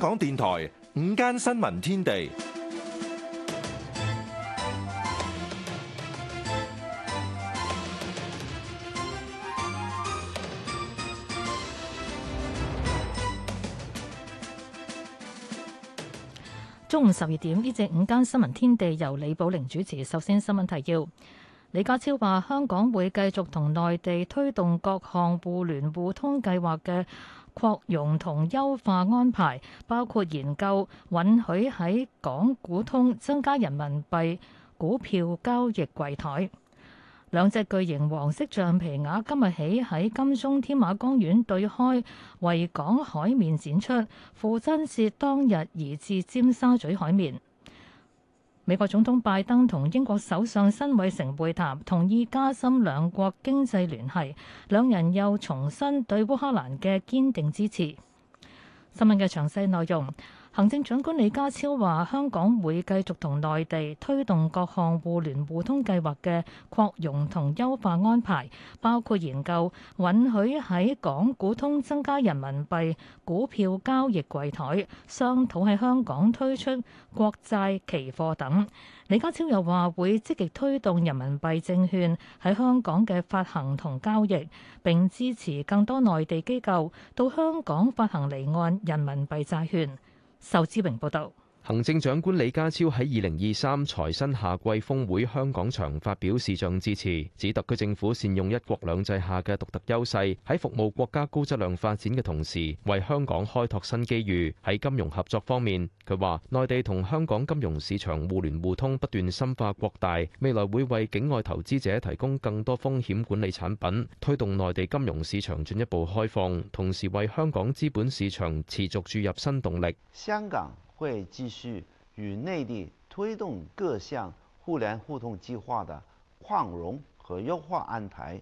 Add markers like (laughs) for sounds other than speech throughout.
香港電台午間新聞天地，中午十二點，呢隻午間新聞天地由李寶玲主持。首先新聞提要：李家超話，香港會繼續同內地推動各項互聯互通計劃嘅。擴容同優化安排，包括研究允許喺港股通增加人民幣股票交易櫃台。兩隻巨型黃色橡皮鴨今日起喺金鐘添馬公園對開維港海面展出，父親節當日移至尖沙咀海面。美國總統拜登同英國首相辛偉誠會談，同意加深兩國經濟聯繫。兩人又重申對烏克蘭嘅堅定支持。新聞嘅詳細內容。行政長官李家超話：香港會繼續同內地推動各項互聯互通計劃嘅擴容同優化安排，包括研究允許喺港股通增加人民幣股票交易櫃台，商討喺香港推出國債期貨等。李家超又話：會積極推動人民幣證券喺香港嘅發行同交易，並支持更多內地機構到香港發行離岸人民幣債券。仇志榮報道。行政長官李家超喺二零二三財新夏季峰會香港場發表視像致辭，指特區政府善用一國兩制下嘅獨特優勢，喺服務國家高質量發展嘅同時，為香港開拓新機遇。喺金融合作方面，佢話內地同香港金融市場互聯互通不斷深化擴大，未來會為境外投資者提供更多風險管理產品，推動內地金融市場進一步開放，同時為香港資本市場持續注入新動力。香港。會繼續與內地推動各項互聯互通計劃的擴容和優化安排，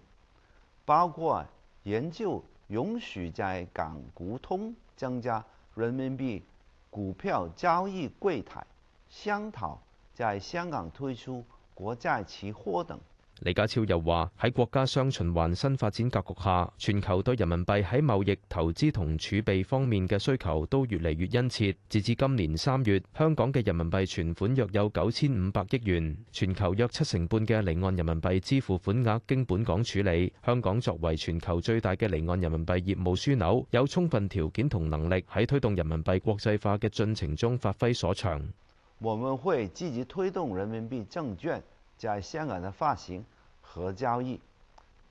包括研究允許在港股通增加人民幣股票交易櫃台，商討在香港推出國債期貨等。李家超又話：喺國家雙循環新發展格局下，全球對人民幣喺貿易、投資同儲備方面嘅需求都越嚟越殷切。截至今年三月，香港嘅人民幣存款約有九千五百億元，全球約七成半嘅離岸人民幣支付款額經本港處理。香港作為全球最大嘅離岸人民幣業務樞紐，有充分條件同能力喺推動人民幣國際化嘅進程中發揮所長。我們會積極推動人民幣證券在香港的發行和交易，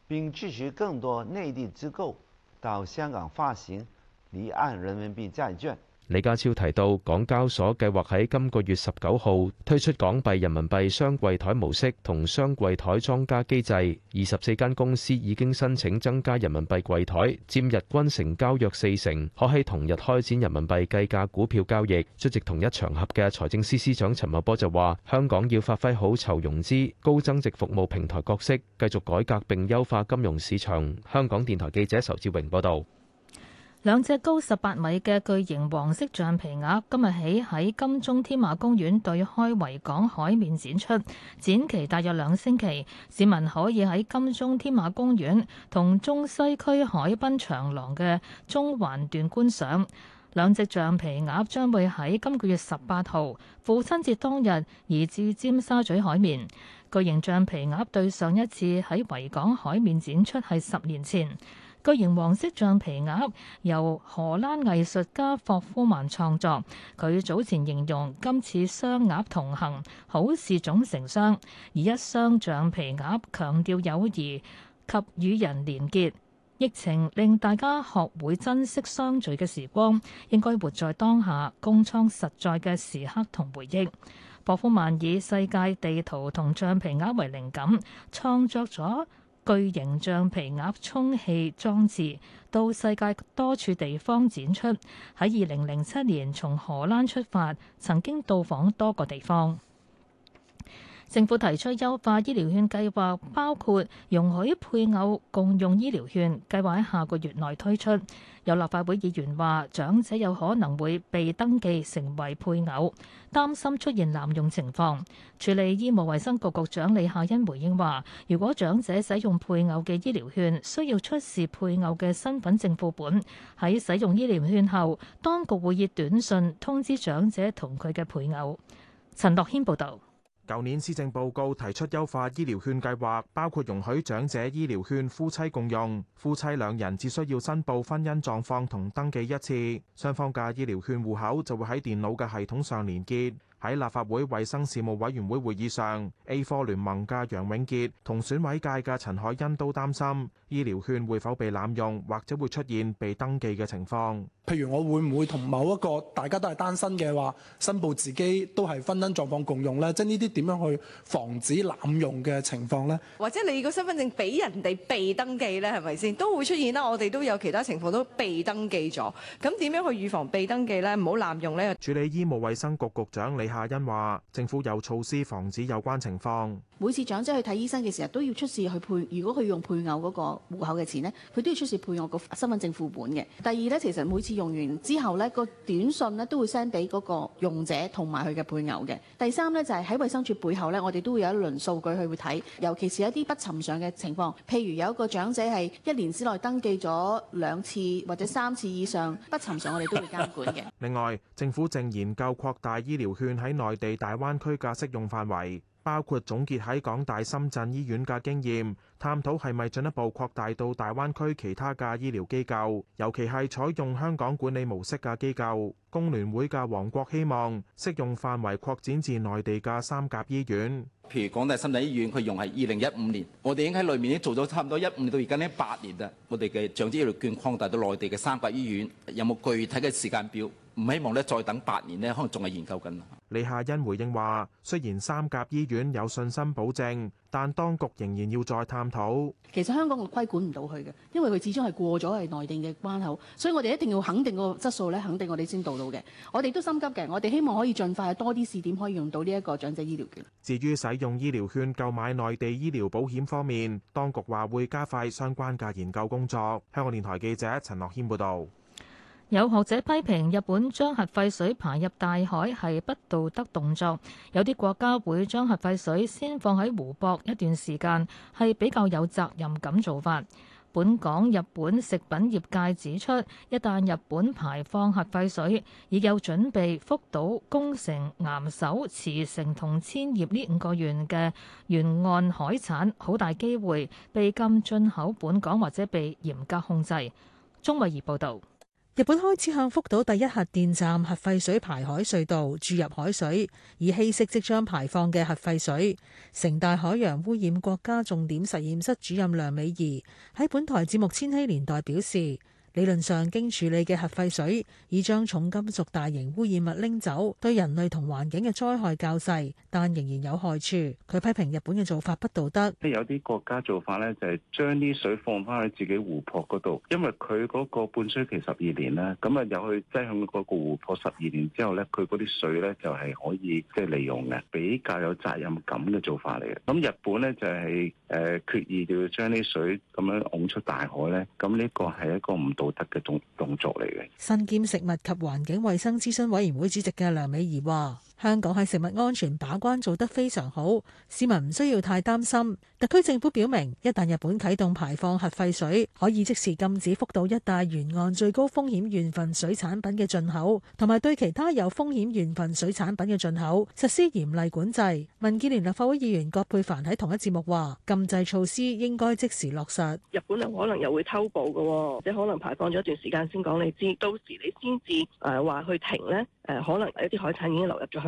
並支持更多內地機構到香港發行離岸人民幣債券。李家超提到，港交所計劃喺今個月十九號推出港幣人民幣雙櫃台模式同雙櫃台莊家機制，二十四間公司已經申請增加人民幣櫃台，佔日均成交約四成，可喺同日開展人民幣計價股票交易。出席同一場合嘅財政司司長陳茂波就話香港要發揮好籌融資高增值服務平台角色，繼續改革並優化金融市場，香港電台記者仇志榮報道。兩隻高十八米嘅巨型黃色橡皮鴨今日起喺金鐘添馬公園對開維港海面展出，展期大約兩星期。市民可以喺金鐘添馬公園同中西區海濱長廊嘅中環段觀賞。兩隻橡皮鴨將會喺今個月十八號父親節當日移至尖沙咀海面。巨型橡皮鴨對上一次喺維港海面展出係十年前。巨型黃色橡皮鴨由荷蘭藝術家霍夫曼創作。佢早前形容今次雙鴨同行，好事總成雙，而一雙橡皮鴨強調友誼及與人連結。疫情令大家學會珍惜相聚嘅時光，應該活在當下，共創實在嘅時刻同回憶。霍夫曼以世界地圖同橡皮鴨為靈感，創作咗。巨型橡皮鴨充氣裝置到世界多處地方展出，喺二零零七年從荷蘭出發，曾經到訪多個地方。政府提出優化醫療券計劃，包括容許配偶共用醫療券計劃喺下個月內推出。有立法會議員話，長者有可能會被登記成為配偶，擔心出現濫用情況，署理醫務衛生局局長李夏茵回應話，如果長者使用配偶嘅醫療券，需要出示配偶嘅身份證副本。喺使用醫療券後，當局會以短信通知長者同佢嘅配偶。陳樂謙報道。舊年施政報告提出優化醫療券計劃，包括容許長者醫療券夫妻共用。夫妻兩人只需要申報婚姻狀況同登記一次，雙方嘅醫療券戶口就會喺電腦嘅系統上連結。喺立法會衞生事務委員會會議上，A4 聯盟嘅楊永杰同選委界嘅陳海欣都擔心醫療券會否被濫用，或者會出現被登記嘅情況。譬如我會唔會同某一個大家都係單身嘅話，申報自己都係婚姻狀況共用咧？即係呢啲點樣去防止濫用嘅情況咧？或者你個身份證俾人哋被登記咧？係咪先都會出現啦？我哋都有其他情況都被登記咗，咁點樣去預防被登記咧？唔好濫用咧。處理醫務衛生局局長李夏恩話，政府有措施防止有關情況。每次長者去睇醫生嘅時候，都要出示去配。如果佢用配偶嗰個戶口嘅錢呢，佢都要出示配偶個身份證副本嘅。第二咧，其實每次用完之後呢，個短信呢都會 send 俾嗰個用者同埋佢嘅配偶嘅。第三呢，就係喺衛生署背後呢，我哋都會有一輪數據去會睇，尤其是一啲不尋常嘅情況，譬如有一個長者係一年之內登記咗兩次或者三次以上不尋常，我哋都會監管嘅。 (laughs) 另外，政府正研究擴大醫療券喺內地大灣區嘅適用範圍。包括總結喺港大深圳醫院嘅經驗，探討係咪進一步擴大到大灣區其他嘅醫療機構，尤其係採用香港管理模式嘅機構。工聯會嘅黃國希望適用範圍擴展至內地嘅三甲醫院，譬如港大深圳醫院，佢用係二零一五年，我哋已經喺裏面已經做咗差唔多一五年到而家呢八年啊，我哋嘅長者醫療券擴大到內地嘅三甲醫院，有冇具體嘅時間表？唔希望呢再等八年呢，可能仲係研究緊。李夏欣回應話：雖然三甲醫院有信心保證，但當局仍然要再探討。其實香港我規管唔到佢嘅，因為佢始終係過咗係內地嘅關口，所以我哋一定要肯定個質素咧，肯定我哋先到路嘅。我哋都心急嘅，我哋希望可以盡快多啲試點可以用到呢一個長者醫療券。至於使用醫療券購買內地醫療保險方面，當局話會加快相關嘅研究工作。香港電台記者陳樂軒報導。有學者批評日本將核廢水排入大海係不道德動作。有啲國家會將核廢水先放喺湖泊一段時間，係比較有責任感做法。本港日本食品業界指出，一旦日本排放核廢水，已有準備福島、宮城、岩手、茨城同千葉呢五個縣嘅沿岸海產好大機會被禁進口本港，或者被嚴格控制。鍾偉儀報導。日本開始向福島第一核電站核廢水排海隧道注入海水，以稀釋即將排放嘅核廢水。城大海洋污染國家重點實驗室主任梁美儀喺本台節目《千禧年代》表示，理論上，經處理嘅核廢水已將重金屬大型污染物拎走，對人類同環境嘅災害較細，但仍然有害處。佢批評日本嘅做法不道德。即有啲國家做法呢，就係將啲水放翻去自己湖泊嗰度，因為佢嗰個半衰期十二年啦，咁啊又去擠向嗰個湖泊十二年之後呢，佢嗰啲水呢，就係可以即係利用嘅，比較有責任感嘅做法嚟嘅。咁日本呢，就係誒決意就要將啲水咁樣拱出大海呢。咁呢個係一個唔道冇得嘅動作嚟嘅。身兼食物及環境衛生諮詢委員會主席嘅梁美儀話。香港喺食物安全把關做得非常好，市民唔需要太擔心。特區政府表明，一旦日本啟動排放核廢水，可以即時禁止福島一帶沿岸最高風險原份水產品嘅進口，同埋對其他有風險原份水產品嘅進口實施嚴厲管制。民建聯立法會議員葛珮帆喺同一節目話，禁制措施應該即時落實，日本又可能又會偷步嘅，即可能排放咗一段時間先講你知，到時你先至誒話去停咧誒，可能一啲海產已經流入咗去。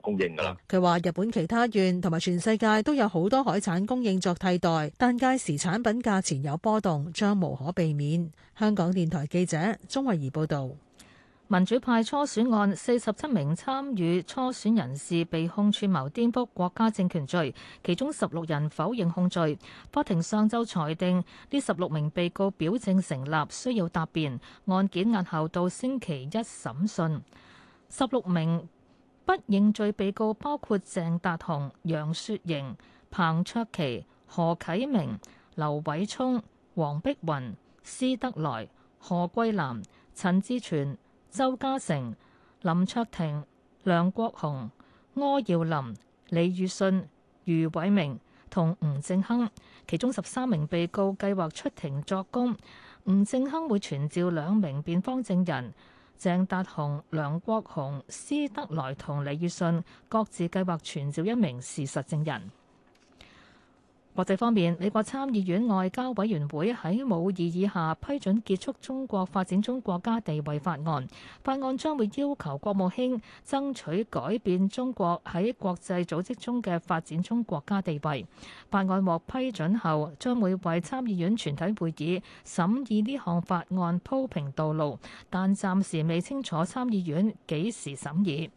供應噶啦。佢話：日本其他縣同埋全世界都有好多海產供應作替代，但屆時產品價錢有波動，將無可避免。香港電台記者鍾慧儀報導。民主派初選案，四十七名參與初選人士被控串謀顛覆國家政權罪，其中十六人否認控罪。法庭上週裁定呢十六名被告表證成立，需要答辯。案件押後到星期一審訊。十六名。不認罪被告包括鄭達鴻、楊雪盈、彭卓棋、何啟明、劉偉聰、黃碧雲、施德來、何桂藍、陳志全、鄒家成、林卓廷、梁國雄、柯耀林、李予信、余偉明同吳正亨，其中十三名被告計劃出庭作供，吳正亨會傳召兩名辯方證人。鄭達鴻、梁國雄、施德來同李予信各自計劃傳召一名事實證人。國際方面，美國參議院外交委員會喺無異議下批准結束中國發展中國家地位法案。法案將會要求國務卿爭取改變中國喺國際組織中嘅發展中國家地位。法案獲批准後，將會為參議院全體會議審議呢項法案鋪平道路，但暫時未清楚參議院幾時審議。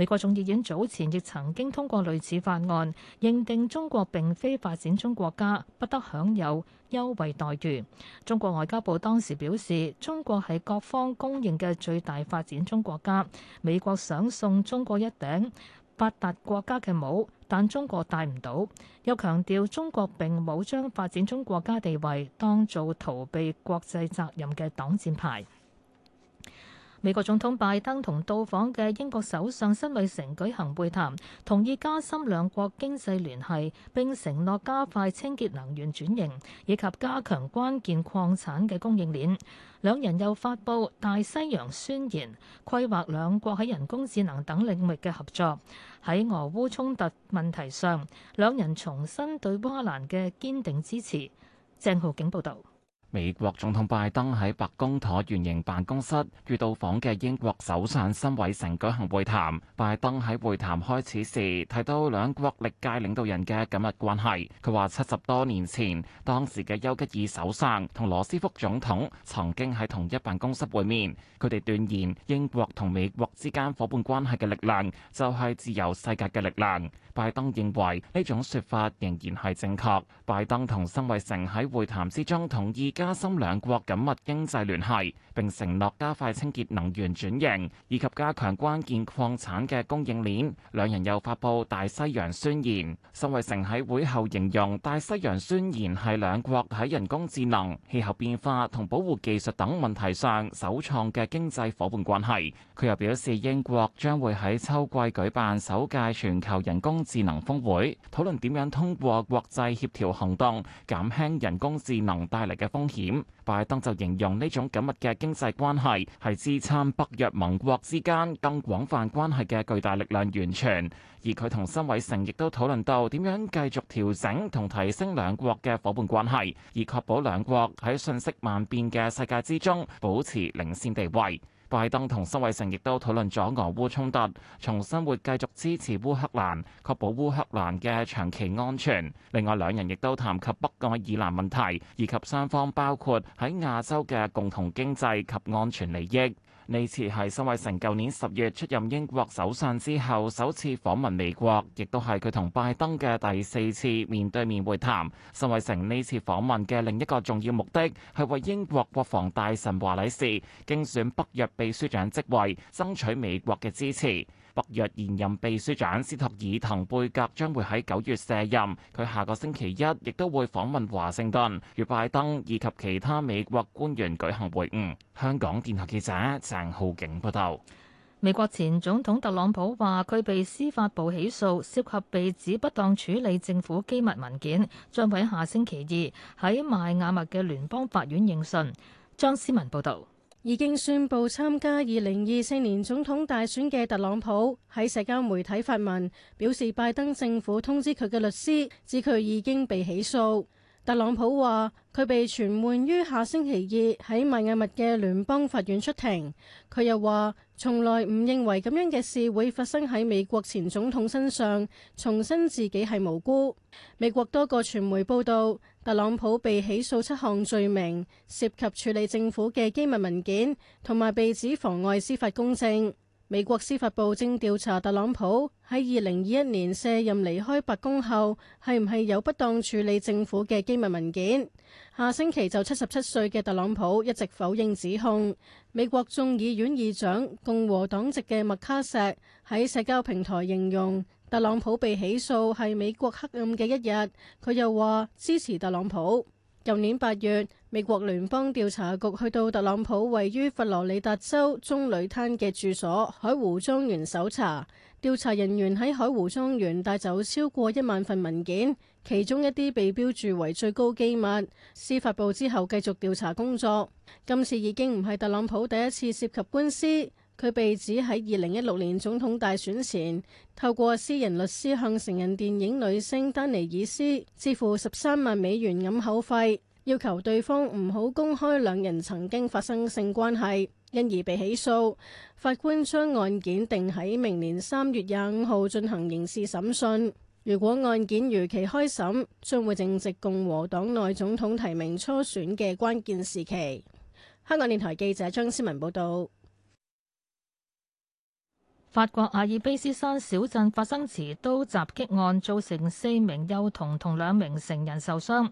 美國眾議院早前亦曾經通過類似法案，認定中國並非發展中國家，不得享有優惠待遇。中國外交部當時表示，中國係各方公認嘅最大發展中國家。美國想送中國一頂發達國家嘅帽，但中國戴唔到。又強調中國並冇將發展中國家地位當做逃避國際責任嘅擋箭牌。美國總統拜登同到訪嘅英國首相辛偉誠舉行會談，同意加深兩國經濟聯繫，並承諾加快清潔能源轉型以及加強關鍵礦產嘅供應鏈。兩人又發布大西洋宣言，規劃兩國喺人工智能等領域嘅合作。喺俄烏衝突問題上，兩人重申對烏克蘭嘅堅定支持。鄭浩景報導。美國總統拜登喺白宮橢圓形辦公室與到訪嘅英國首相辛偉誠舉行會談。拜登喺會談開始時提到兩國歷屆領導人嘅緊密關係。佢話七十多年前，當時嘅丘吉爾首相同羅斯福總統曾經喺同一辦公室會面。佢哋斷言英國同美國之間伙伴關係嘅力量就係自由世界嘅力量。拜登認為呢種說法仍然係正確。拜登同辛偉誠喺會談之中同意，加深兩國緊密經濟聯繫，並承諾加快清潔能源轉型以及加強關鍵礦產嘅供應鏈。兩人又發布大西洋宣言。辛偉誠喺會後形容大西洋宣言係兩國喺人工智能、氣候變化同保護技術等問題上首創嘅經濟伙伴關係。佢又表示，英國將會喺秋季舉辦首屆全球人工智能峰會，討論點樣通過國際協調行動減輕人工智能帶嚟嘅風險。險，拜登就形容呢種緊密嘅經濟關係係支撐北約盟國之間更廣泛關係嘅巨大力量源泉。而佢同辛偉誠亦都討論到點樣繼續調整同提升兩國嘅夥伴關係，以確保兩國喺信息萬變嘅世界之中保持領先地位。拜登同辛偉誠亦都討論咗俄烏衝突，重申會繼續支持烏克蘭，確保烏克蘭嘅長期安全。另外兩人亦都談及北愛爾蘭問題，以及雙方包括喺亞洲嘅共同經濟及安全利益。呢次係辛偉誠舊年十月出任英國首相之後首次訪問美國，亦都係佢同拜登嘅第四次面對面會談，辛偉誠呢次訪問嘅另一個重要目的係為英國國防大臣華禮士競選北約秘書長職位爭取美國嘅支持。北約現任秘書長斯托爾滕貝格將會喺九月卸任，佢下個星期一亦都會訪問華盛頓與拜登以及其他美國官員舉行會晤。香港電台記者鄭浩景報道。美國前總統特朗普話佢被司法部起訴，涉及被指不當處理政府機密文件，將會下星期二喺邁阿密嘅聯邦法院應訊。張思文報道。已經宣布參加二零二四年總統大選嘅特朗普喺社交媒體發文，表示拜登政府通知佢嘅律師，指佢已經被起訴。特朗普話佢被傳喚於下星期二喺邁阿密嘅聯邦法院出庭。佢又話從來唔認為咁樣嘅事會發生喺美國前總統身上，重申自己係無辜。美國多個傳媒報道。特朗普被起訴七項罪名，涉及處理政府嘅機密文件，同埋被指妨礙司法公正。美國司法部正調查特朗普喺二零二一年卸任離開白宮後，係唔係有不當處理政府嘅機密文件。下星期就七十七歲嘅特朗普一直否認指控。美國眾議院議長共和黨籍嘅麥卡錫喺社交平台形容。特朗普被起訴係美國黑暗嘅一日，佢又話支持特朗普。舊年八月，美國聯邦調查局去到特朗普位於佛羅里達州棕櫚灘嘅住所海湖莊園搜查，調查人員喺海湖莊園帶走超過一萬份文件，其中一啲被標注為最高機密。司法部之後繼續調查工作。今次已經唔係特朗普第一次涉及官司。佢被指喺二零一六年總統大選前，透過私人律師向成人電影女星丹尼爾斯支付十三萬美元掩口費，要求對方唔好公開兩人曾經發生性關係，因而被起訴。法官將案件定喺明年三月廿五號進行刑事審訊。如果案件如期開審，將會正值共和黨內總統提名初選嘅關鍵時期。香港電台記者張思文報道。法國阿爾卑斯山小鎮發生持刀襲擊案，造成四名幼童同兩名成人受傷。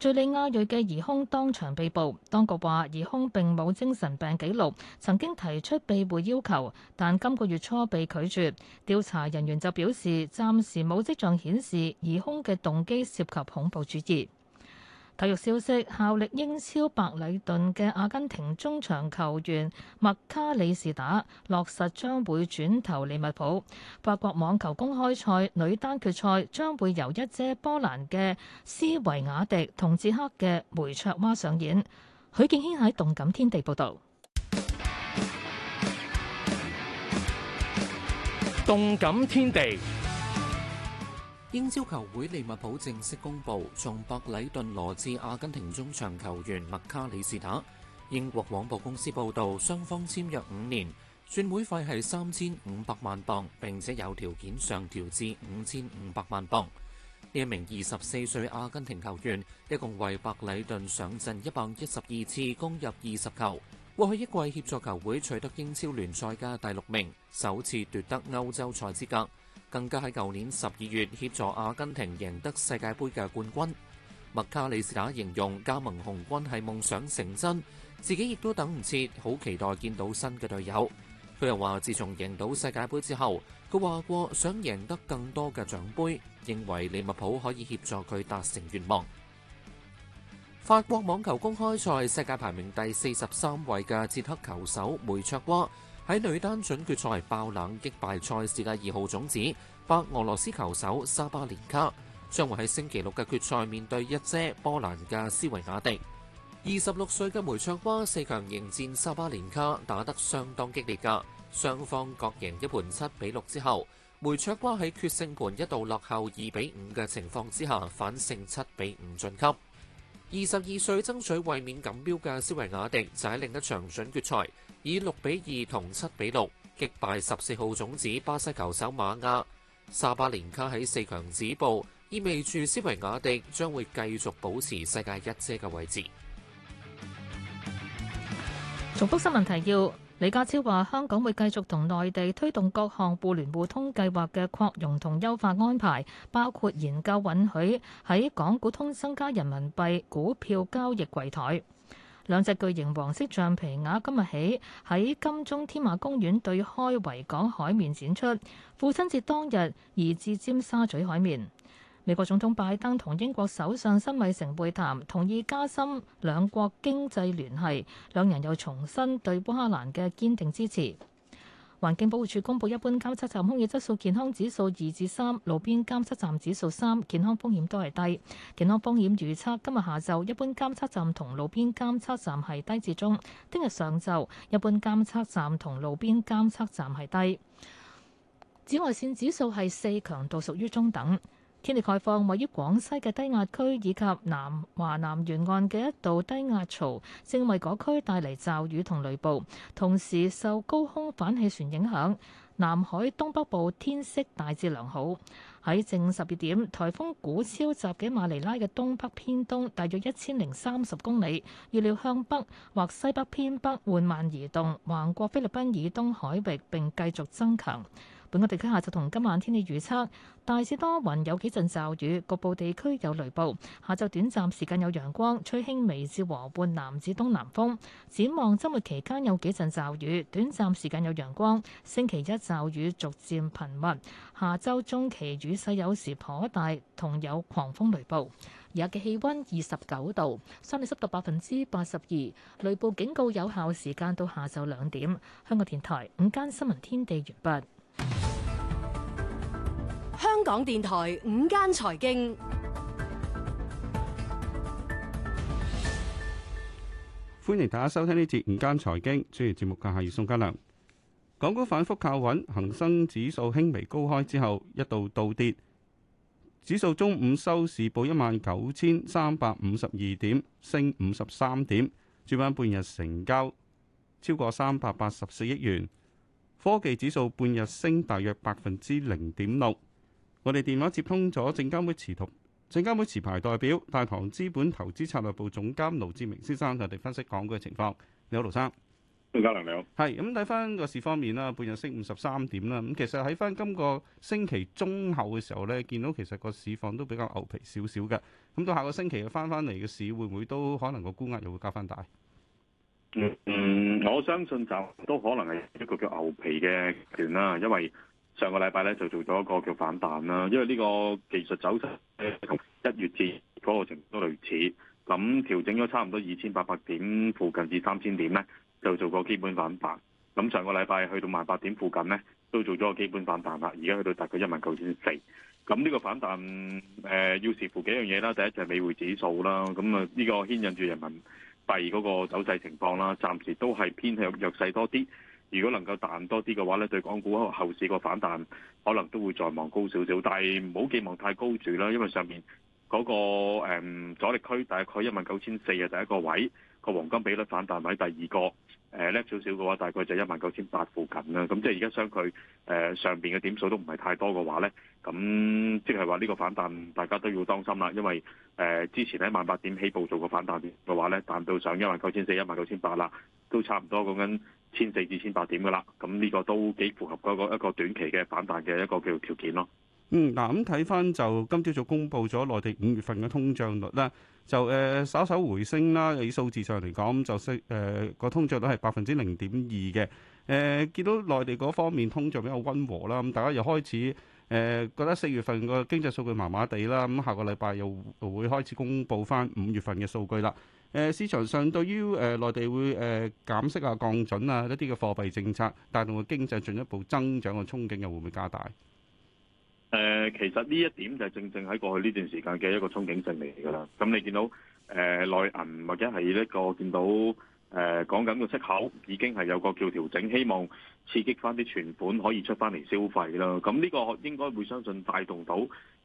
敍利亞裔嘅疑兇當場被捕，當局話疑兇並冇精神病記錄，曾經提出庇護要求，但今個月初被拒絕。調查人員就表示，暫時冇跡象顯示疑兇嘅動機涉及恐怖主義。體育消息：效力英超白里頓嘅阿根廷中場球員麥卡里士打，落實將會轉投利物浦。法國網球公開賽女單決賽將會由一姐波蘭嘅斯維亞迪同捷克嘅梅卓娃上演。許建軒喺動感天地報道。動感天地。報導動感天地英超球會利物浦正式公布從白禮頓羅致阿根廷中場球員麥卡里斯塔。英國廣播公司報道，雙方簽約五年，轉會費係三千五百萬鎊，並且有條件上調至五千五百萬鎊。呢一名二十四歲阿根廷球員，一共為白禮頓上陣一百一十二次，攻入二十球。過去一季協助球會取得英超聯賽嘅第六名，首次奪得歐洲賽資格。更加喺舊年十二月協助阿根廷贏得世界盃嘅冠軍。麥卡利斯塔形容加盟紅軍係夢想成真，自己亦都等唔切，好期待見到新嘅隊友。佢又話：自從贏到世界盃之後，佢話過想贏得更多嘅獎盃，認為利物浦可以協助佢達成願望。法國網球公開賽世界排名第四十三位嘅捷克球手梅卓娃。喺女單準決賽爆冷擊敗賽事嘅二號種子白俄羅斯球手沙巴連卡，將會喺星期六嘅決賽面對一姐波蘭嘅斯維亞迪。二十六歲嘅梅卓娃四強迎戰沙巴連卡，打得相當激烈噶，雙方各贏一盤七比六之後，梅卓娃喺決勝盤一度落後二比五嘅情況之下反勝七比五晉級。二十二歲爭取衛冕錦標嘅斯維亞迪就喺另一場準決賽。以六比二同七比六擊敗十四號種子巴西球手瑪雅，沙巴連卡喺四強止步，意味住斯維雅迪將會繼續保持世界一姐嘅位置。重複新聞提要：李家超話，香港會繼續同內地推動各項互聯互通計劃嘅擴容同優化安排，包括研究允許喺港股通增加人民幣股票交易櫃台。兩隻巨型黃色橡皮鴨今日起喺金鐘天馬公園對開維港海面展出，父親節當日移至尖沙咀海面。美國總統拜登同英國首相辛偉誠會談，同意加深兩國經濟聯繫，兩人又重申對烏克蘭嘅堅定支持。環境保護署公布一般監測站空氣質素健康指數二至三，路邊監測站指數三，健康風險都係低。健康風險預測今日下晝一般監測站同路邊監測站係低至中，聽日上晝一般監測站同路邊監測站係低。紫外線指數係四，強度屬於中等。天氣開放，位於廣西嘅低壓區以及南華南沿岸嘅一道低壓槽，正為嗰區帶嚟驟雨同雷暴。同時受高空反氣旋影響，南海東北部天色大致良好。喺正十二點，颱風古超襲嘅馬尼拉嘅東北偏東大約一千零三十公里，預料向北或西北偏北緩慢移動，橫過菲律賓以東海域並繼續增強。本港地區下晝同今晚天氣預測，大致多雲，有幾陣驟雨，局部地區有雷暴。下晝短暫時，時間有陽光，吹輕微至和半緩南至東南風。展望周末期間有幾陣驟雨，短暫時，時間有陽光。星期一驟雨逐漸頻密，下周中期雨勢有時頗大，同有狂風雷暴。而家嘅氣溫二十九度，相對濕度百分之八十二，雷暴警告有效時間到下晝兩點。香港電台午間新聞天地完畢。香港電台午間財經，歡迎大家收聽呢節午間財經。主持節目嘅係宋家良。港股反復靠穩，恒生指數輕微高開之後一度倒跌，指數中午收市報一萬九千三百五十二點，升五十三點。主板半日成交超過三百八十四億元。科技指數半日升大約百分之零點六。我哋電話接通咗證監會持同證監會持牌代表大唐資本投資策略部總監盧志明先生，就嚟分析港股嘅情況。你好，盧生。唔該，你好。係咁睇翻個市方面啦，半日升五十三點啦。咁其實喺翻今個星期中後嘅時候咧，見到其實個市況都比較牛皮少少嘅。咁到下個星期翻翻嚟嘅市，會唔會都可能個沽壓又會加翻大？嗯嗯，我相信就都可能係一個叫牛皮嘅段啦，因為，上個禮拜咧就做咗一個叫反彈啦，因為呢個技術走勢同一月節嗰個情況都類似，咁調整咗差唔多二千八百點附近至三千點咧，就做個基本反彈。咁上個禮拜去到萬八點附近咧，都做咗個基本反彈啦。而家去到大概一萬九千四，咁呢個反彈誒、呃、要視乎幾樣嘢啦。第一就係美匯指數啦，咁啊呢個牽引住人民幣嗰個走勢情況啦，暫時都係偏向弱勢多啲。如果能夠彈多啲嘅話呢，對港股後市個反彈可能都會再望高少少，但係唔好寄望太高住啦，因為上面嗰個誒阻力區大概一萬九千四嘅第一個位，個黃金比率反彈位第二個。誒叻、嗯、少少嘅話，大概就一萬九千八附近啦。咁、嗯、即係而家相距誒、呃、上邊嘅點數都唔係太多嘅話咧，咁即係話呢個反彈大家都要當心啦。因為誒、呃、之前喺萬八點起步做個反彈嘅話咧，彈到上一萬九千四、一萬九千八啦，都差唔多講緊千四至千八點嘅啦。咁、嗯、呢、這個都幾符合嗰一個短期嘅反彈嘅一個叫條件咯。嗯，嗱，咁睇翻就今朝早公布咗內地五月份嘅通脹率啦，就誒、呃、稍稍回升啦。以數字上嚟講，就升誒個通脹率係百分之零點二嘅。誒、呃、見到內地嗰方面通脹比較溫和啦，咁大家又開始誒、呃、覺得四月份個經濟數據麻麻地啦。咁下個禮拜又會開始公布翻五月份嘅數據啦。誒、呃、市場上對於誒、呃、內地會誒、呃、減息啊、降準啊一啲嘅貨幣政策，帶動個經濟進一步增長嘅憧憬又會唔會加大？誒、呃，其實呢一點就係正正喺過去呢段時間嘅一個憧憬性嚟㗎啦。咁你見到誒、呃、內銀或者係呢、這個見到誒、呃、講緊個息口已經係有個叫調整，希望刺激翻啲存款可以出翻嚟消費啦。咁呢個應該會相信帶動到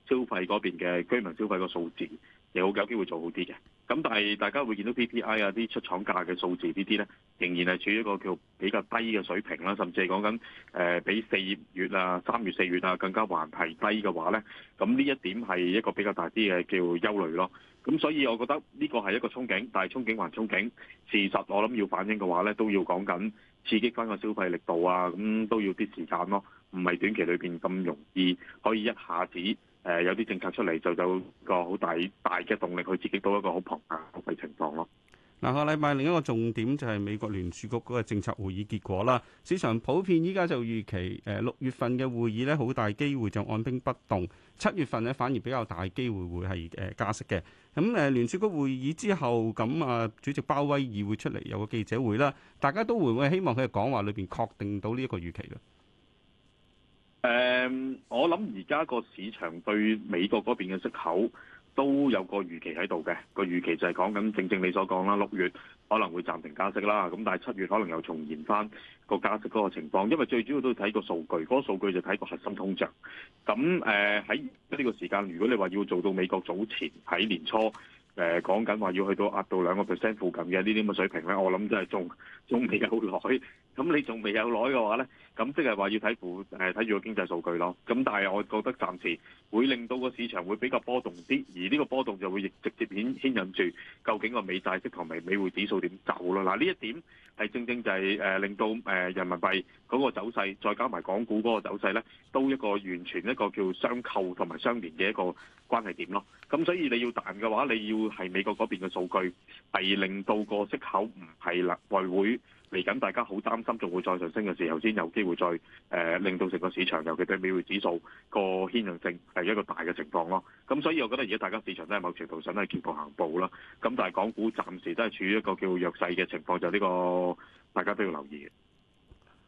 消費嗰邊嘅居民消費個數字。又好有機會做好啲嘅，咁但係大家會見到 PPI 啊啲出廠價嘅數字呢啲呢，仍然係處於一個叫比較低嘅水平啦，甚至係講緊誒比四月啊、三月、四月啊更加還係低嘅話呢，咁呢一點係一個比較大啲嘅叫憂慮咯。咁所以我覺得呢個係一個憧憬，但係憧憬還憧憬，事實我諗要反映嘅話呢，都要講緊刺激返個消費力度啊，咁都要啲時間咯，唔係短期裏邊咁容易可以一下子。誒、呃，有啲政策出嚟就有個好大大嘅動力去刺激到一個好龐大消費情況咯。嗱、呃，下個禮拜另一個重點就係美國聯儲局嗰個政策會議結果啦。市場普遍依家就預期，誒、呃、六月份嘅會議呢，好大機會就按兵不動，七月份呢，反而比較大機會會係誒加息嘅。咁誒聯儲局會議之後，咁、呃、啊主席鮑威爾會出嚟，有個記者會啦，大家都會唔會希望佢嘅講話裏邊確定到呢一個預期嘅。誒，um, 我諗而家個市場對美國嗰邊嘅息口都有個預期喺度嘅，個預期就係講緊正正你所講啦，六月可能會暫停加息啦，咁但係七月可能又重現翻個加息嗰個情況，因為最主要都睇個數據，嗰、那個數據就睇個核心通脹。咁誒喺呢個時間，如果你話要做到美國早前喺年初誒講緊話要去到壓到兩個 percent 附近嘅呢啲咁嘅水平咧，我諗真係仲仲未有耐。咁你仲未有耐嘅話呢，咁即係話要睇股誒，睇住個經濟數據咯。咁但係我覺得暫時會令到個市場會比較波動啲，而呢個波動就會直接牽牽引住，究竟個美債息同埋美匯指數點走咯。嗱，呢一點係正正就係誒令到誒人民幣嗰個走勢，再加埋港股嗰個走勢呢，都一個完全一個叫相扣同埋相連嘅一個關係點咯。咁所以你要彈嘅話，你要係美國嗰邊嘅數據，係令到個息口唔係啦，外匯。嚟緊，大家好擔心，仲會再上升嘅時候，先有機會再誒、呃、令到成個市場，尤其對美匯指數個牽動性係一個大嘅情況咯。咁所以，我覺得而家大家市場都係某程度上都係堅步行步啦。咁但係港股暫時都係處於一個叫弱勢嘅情況，就呢、是、個大家都要留意嘅。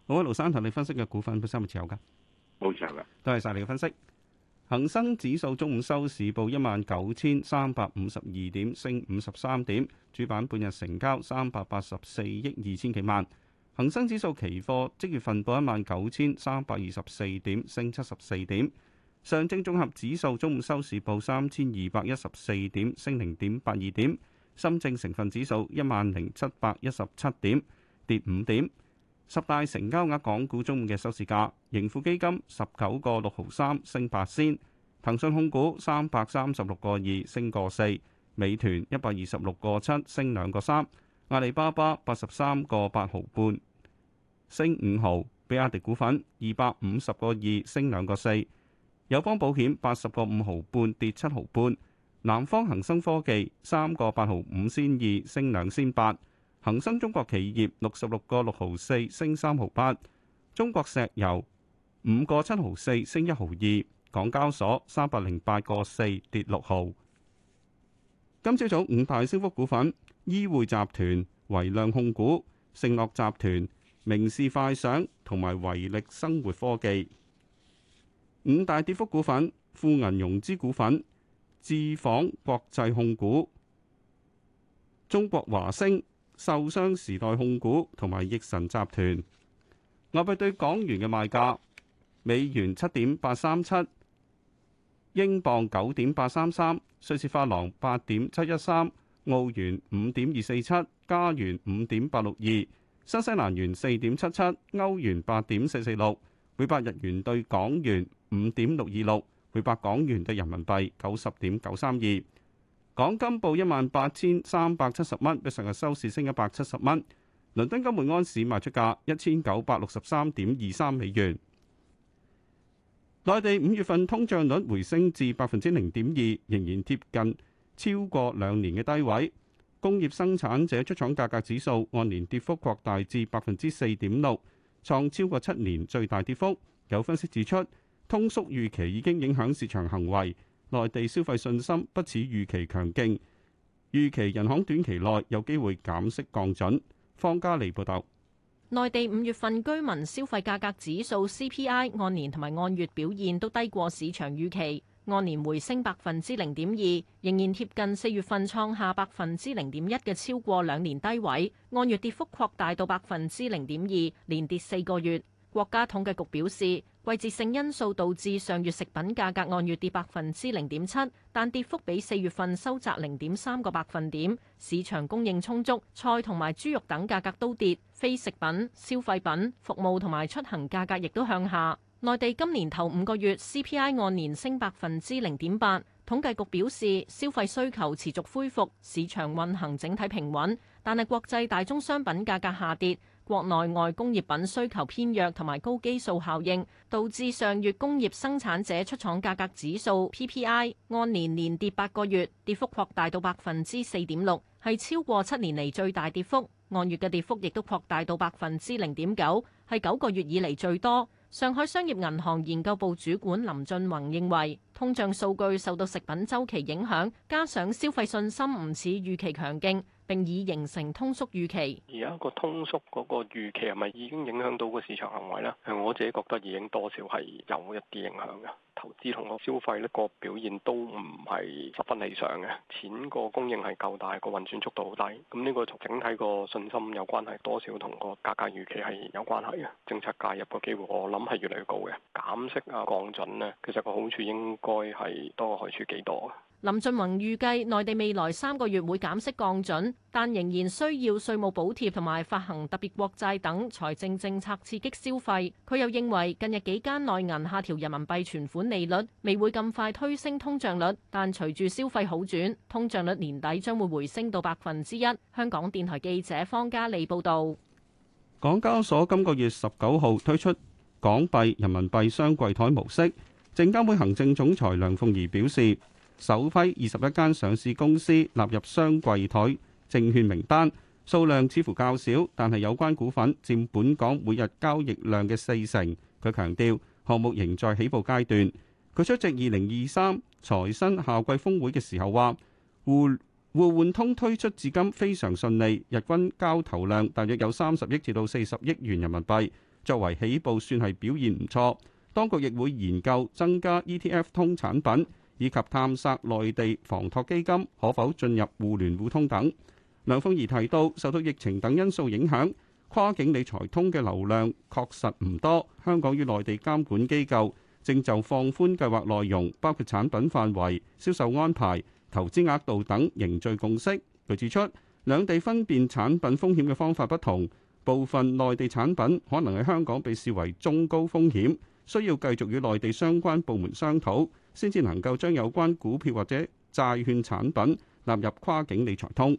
好啊，盧生同你分析嘅股份有冇持有噶？冇持有嘅。多謝晒你嘅分析。恒生指數中午收市報一萬九千三百五十二點，升五十三點。主板半日成交三百八十四億二千幾萬。恒生指數期貨即月份報一萬九千三百二十四點，升七十四點。上證綜合指數中午收市報三千二百一十四點，升零點八二點。深證成分指數一萬零七百一十七點，跌五點。十大成交額港股中午嘅收市價，盈富基金十九個六毫三，升八仙；騰訊控股三百三十六個二，升個四；美團一百二十六個七，升兩個三；阿里巴巴八十三個八毫半，升五毫；比亞迪股份二百五十個二，升兩個四；友邦保險八十個五毫半，跌七毫半；南方恒生科技三個八毫五仙二，升兩仙八。恒生中國企業六十六個六毫四，升三毫八，中國石油五個七毫四，升一毫二，港交所三百零八個四，跌六毫。今朝早五大升幅股份：醫匯集團、維量控股、盛樂集團、明視快想同埋維力生活科技。五大跌幅股份：富銀融資股份、智房國際控股、中國華星。受傷時代控股同埋易神集團。外幣對港元嘅賣價：美元七點八三七，英鎊九點八三三，瑞士法郎八點七一三，澳元五點二四七，加元五點八六二，新西蘭元四點七七，歐元八點四四六，每百日元對港元五點六二六，每百港元對人民幣九十點九三二。港金報一萬八千三百七十蚊，比上日收市升一百七十蚊。倫敦金每安士賣出價一千九百六十三點二三美元。內地五月份通脹率回升至百分之零點二，仍然貼近超過兩年嘅低位。工業生產者出廠價格指數按年跌幅擴大至百分之四點六，創超過七年最大跌幅。有分析指出，通縮預期已經影響市場行為。內地消費信心不似預期強勁，預期人行短期內有機會減息降準。方家利報導，內地五月份居民消費價格指數 CPI 按年同埋按月表現都低過市場預期，按年回升百分之零點二，仍然貼近四月份創下百分之零點一嘅超過兩年低位，按月跌幅擴大到百分之零點二，連跌四個月。國家統嘅局表示，季節性因素導致上月食品價格按月跌百分之零點七，但跌幅比四月份收窄零點三個百分點。市場供應充足，菜同埋豬肉等價格都跌。非食品、消費品、服務同埋出行價格亦都向下。內地今年頭五個月 CPI 按年升百分之零點八。統計局表示，消費需求持續恢復，市場運行整體平穩，但係國際大宗商品價格下跌。國內外工業品需求偏弱，同埋高基數效應，導致上月工業生產者出廠價格指數 PPI 按年連跌八個月，跌幅擴大到百分之四點六，係超過七年嚟最大跌幅。按月嘅跌幅亦都擴大到百分之零點九，係九個月以嚟最多。上海商業銀行研究部主管林俊宏認為，通脹數據受到食品周期影響，加上消費信心唔似預期強勁，並已形成通縮預期，而家個通縮嗰個預期係咪已經影響到個市場行為呢？我自己覺得已經多少係有一啲影響嘅。投資同個消費呢個表現都唔係十分理想嘅，錢個供應係夠大，係個運轉速度好低。咁呢個同整體個信心有關係，多少同個價格預期係有關係嘅。政策介入個機會，我諗係越嚟越高嘅。減息啊，降準咧，其實個好處應該係多過害處幾多啊？林俊宏預計內地未來三個月會減息降準，但仍然需要稅務補貼同埋發行特別國債等財政政策刺激消費。佢又認為近日幾間內銀下調人民幣存款利率，未會咁快推升通脹率，但隨住消費好轉，通脹率年底將會回升到百分之一。香港電台記者方嘉利報導。港交所今個月十九號推出港幣、人民幣雙櫃台模式。證監會行政總裁梁鳳儀表示。首批二十一間上市公司納入雙櫃枱證券名單，數量似乎較少，但係有關股份佔本港每日交易量嘅四成。佢強調項目仍在起步階段。佢出席二零二三財新夏季峯會嘅時候話，互互換通推出至今非常順利，日均交投量大約有三十億至到四十億元人民幣，作為起步算係表現唔錯。當局亦會研究增加 ETF 通產品。以及探索內地房託基金可否進入互聯互通等。梁鳳儀提到，受到疫情等因素影響，跨境理財通嘅流量確實唔多。香港與內地監管機構正就放寬計劃內容，包括產品範圍、銷售安排、投資額度等凝聚共識。佢指出，兩地分辨產品風險嘅方法不同，部分內地產品可能喺香港被視為中高風險，需要繼續與內地相關部門商討。先至能夠將有關股票或者債券產品納入跨境理財通。